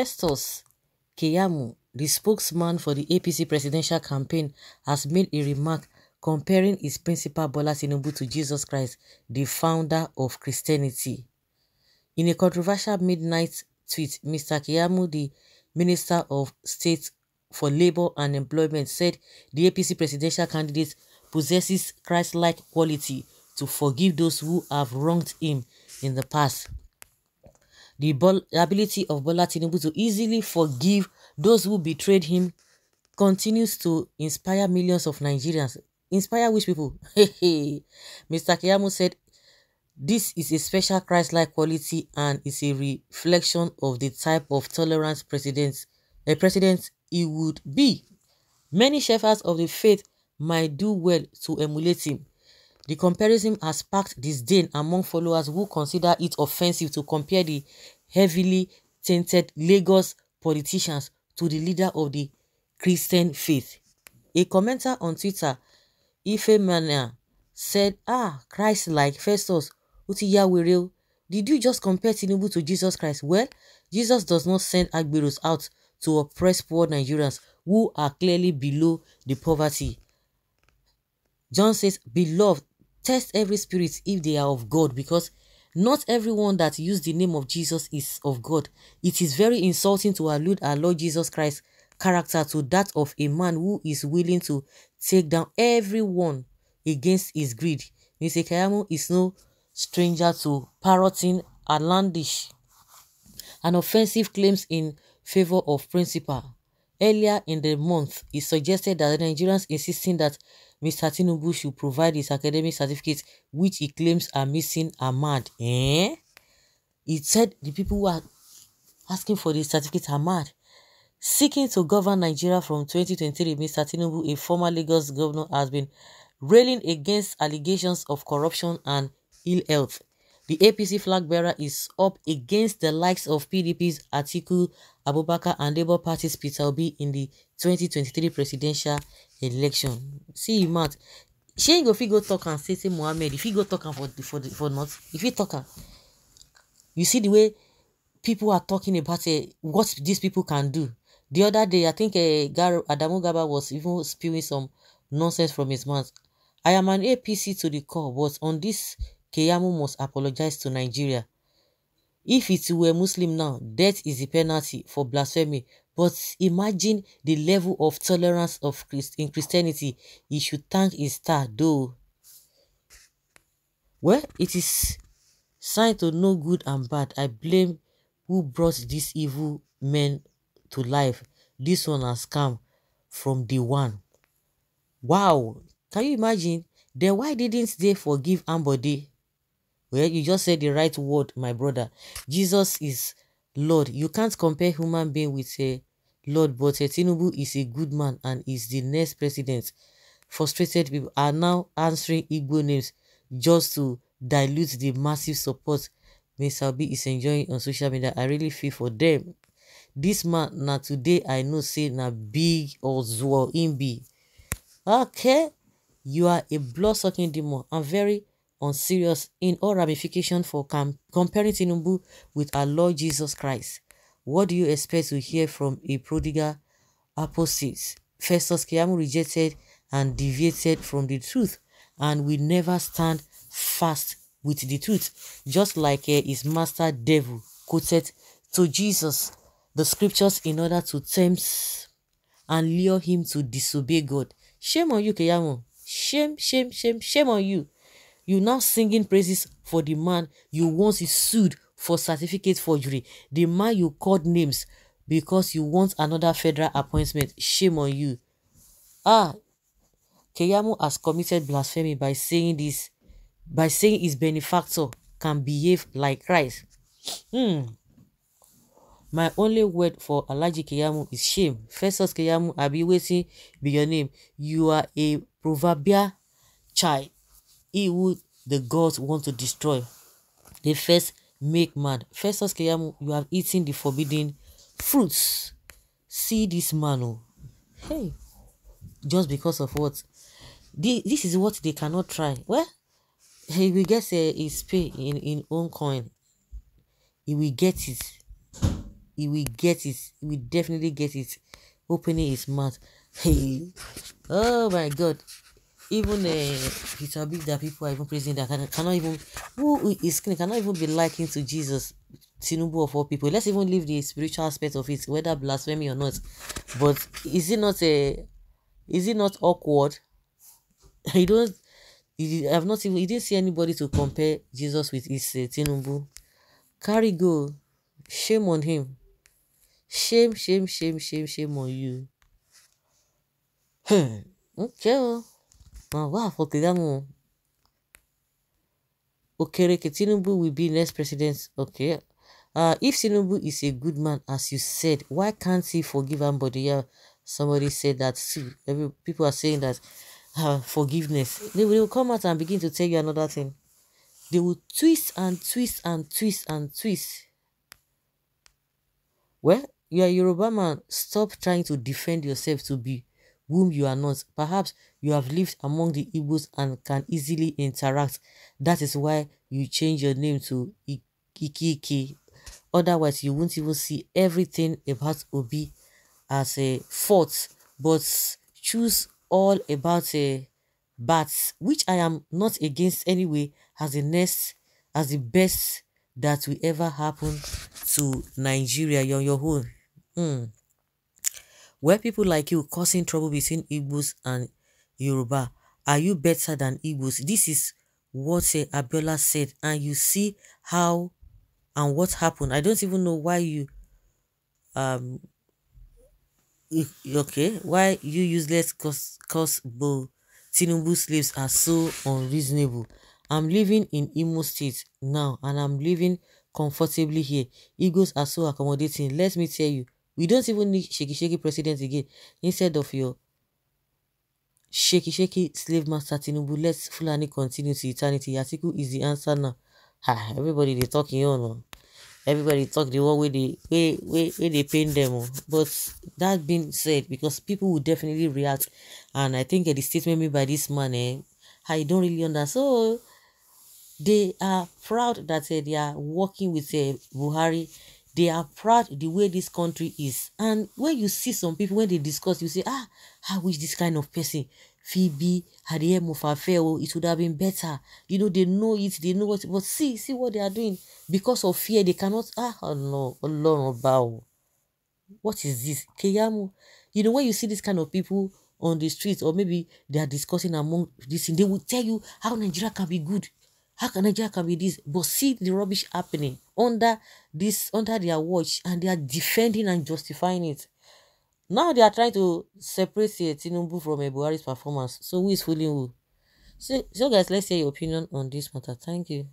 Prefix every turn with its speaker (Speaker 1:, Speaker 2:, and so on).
Speaker 1: Festus Kiyamu, the spokesman for the APC presidential campaign, has made a remark comparing his principal Bola Tinubu to Jesus Christ, the founder of Christianity. In a controversial midnight tweet, Mr. Kiyamu, the Minister of State for Labour and Employment, said the APC presidential candidate possesses Christ-like quality to forgive those who have wronged him in the past the ability of Bola Tinubu to easily forgive those who betrayed him continues to inspire millions of Nigerians. Inspire which people? Mr. Kiyamu said, this is a special Christ-like quality and is a reflection of the type of tolerance president, a eh, president he would be. Many shepherds of the faith might do well to emulate him. The comparison has sparked disdain among followers who consider it offensive to compare the heavily tainted Lagos politicians to the leader of the Christian faith. A commenter on Twitter, Ifemania, said, Ah, Christ-like, Festus, Utiyawere, did you just compare Tinubu to Jesus Christ? Well, Jesus does not send Agberos out to oppress poor Nigerians who are clearly below the poverty. John says, Beloved, Test every spirit if they are of God because not everyone that use the name of Jesus is of God. It is very insulting to allude our Lord Jesus Christ's character to that of a man who is willing to take down everyone against his greed. Mr. Kayamo is no stranger to parroting outlandish and offensive claims in favor of principle. Earlier in the month, it suggested that Nigerians insisting that Mr. Tinubu should provide his academic certificates, which he claims are missing, are mad. Eh? He said the people who are asking for the certificate are mad. Seeking to govern Nigeria from 2023, Mr. Tinubu, a former Lagos governor, has been railing against allegations of corruption and ill health. The APC flag bearer is up against the likes of PDP's Atiku Abubakar and Labour Party's Peter Obi in the 2023 presidential election. See, Matt, she ain't go fit talk and say say Mohammed if you go talk and for the, for the, for not if you talk you see the way people are talking about uh, what these people can do the other day I think uh, Gar Adamu Gaba was even spewing some nonsense from his mouth I am an APC to the core but on this Keyamo must apologize to Nigeria. If it were Muslim now, death is the penalty for blasphemy. But imagine the level of tolerance of Christ in Christianity. He should thank his star, though. Well, it is sign to no good and bad. I blame who brought these evil men to life. This one has come from the one. Wow! Can you imagine? Then why didn't they forgive Ambody? Well, you just said the right word, my brother. Jesus is Lord. You can't compare human being with a Lord, but a Tinubu is a good man and is the next president. Frustrated people are now answering Igbo names just to dilute the massive support Ms. Albi is enjoying on social media. I really feel for them. This man, na today, I know say na big or zwar in be. Okay, you are a blood-sucking demon. I'm very on serious in all ramifications for comparing Tinubu with our Lord Jesus Christ. What do you expect to hear from a prodigal apostate? Festus Kiamu rejected and deviated from the truth and will never stand fast with the truth, just like uh, his master devil quoted to Jesus the scriptures in order to tempt and lure him to disobey God. Shame on you, Kiamu. Shame, shame, shame, shame on you you now singing praises for the man you once sued for certificate forgery, the man you called names because you want another federal appointment. Shame on you. Ah, Keyamo has committed blasphemy by saying this, by saying his benefactor can behave like Christ. Hmm. My only word for Alaji Keyamu is shame. Festus Keyamu, I be waiting be your name. You are a proverbial child he would the gods want to destroy. They first make mad. Festus Keyamu, you have eaten the forbidden fruits. See this man, oh. Hey, just because of what? The, this is what they cannot try. Well, he will get uh, his pay in, in own coin. He will get it. He will get it. He will definitely get it. Opening his mouth. Hey. Oh my God even uh, eh, Peter Big that people are even praising that can, cannot even who is cannot even be likened to Jesus, Tinubu of all people. Let's even leave the spiritual aspect of it, whether blasphemy or not. But is it not a eh, is it not awkward? I don't. I've not even. You didn't see anybody to compare Jesus with his uh, Tinubu. Carry go. Shame on him. Shame, shame, shame, shame, shame on you. Hmm, okay. Oh. Now, what for Tidamu Okereke Tinubu will be next president? Okay. Uh, if Tinubu is a good man, as you said, why can't he forgive somebody? Yeah, somebody said that too. Every, people are saying that uh, forgiveness. They will, they will come out and begin to tell you another thing. They will twist and twist and twist and twist. Well, you are Yoruba man. Stop trying to defend yourself to be whom you are not. Perhaps you have lived among the Igbos and can easily interact. That is why you change your name to Ikiki. Otherwise, you won't even see everything about Obi as a fault, but choose all about a uh, bats, which I am not against anyway, as the next, as the best that will ever happen to Nigeria on your own. Mm. Were people like you causing trouble between Igbos and Yoruba? Are you better than Igbos? This is what eh, Abiola said, and you see how and what happened. I don't even know why you, um, okay, why you useless cause cause bull. Tinubu slaves are so unreasonable. I'm living in Imo State now, and I'm living comfortably here. Igbo's are so accommodating. Let me tell you, We don't even need shaky shaky president again. Instead of your shaky shaky slave master Tinubu, let's Fulani continue to eternity. Atiku is the answer now. Ha, everybody they talking on. Oh. Everybody talk the one way they way way way they paint them. Oh. But that being said, because people will definitely react, and I think uh, the statement made by this man, eh, I don't really understand. So they are proud that uh, they are working with uh, Buhari they are proud the way this country is and when you see some people when they discuss you say ah i wish this kind of person fit be at the affair oh it would have been better you know they know it they know what but see see what they are doing because of fear they cannot ah ọlọrun ọlọrun ọba o what is this keyamu you know when you see this kind of people on the streets or maybe they are discussing among this thing they will tell you how nigeria can be good how can nigeria can be this but see the rubbish happening under this under their watch and they are defending and justifying it now they are trying to separate say eh, tinubu from Ebuhari's eh, performance so who is fooling who so so guys let's hear your opinion on this matter thank you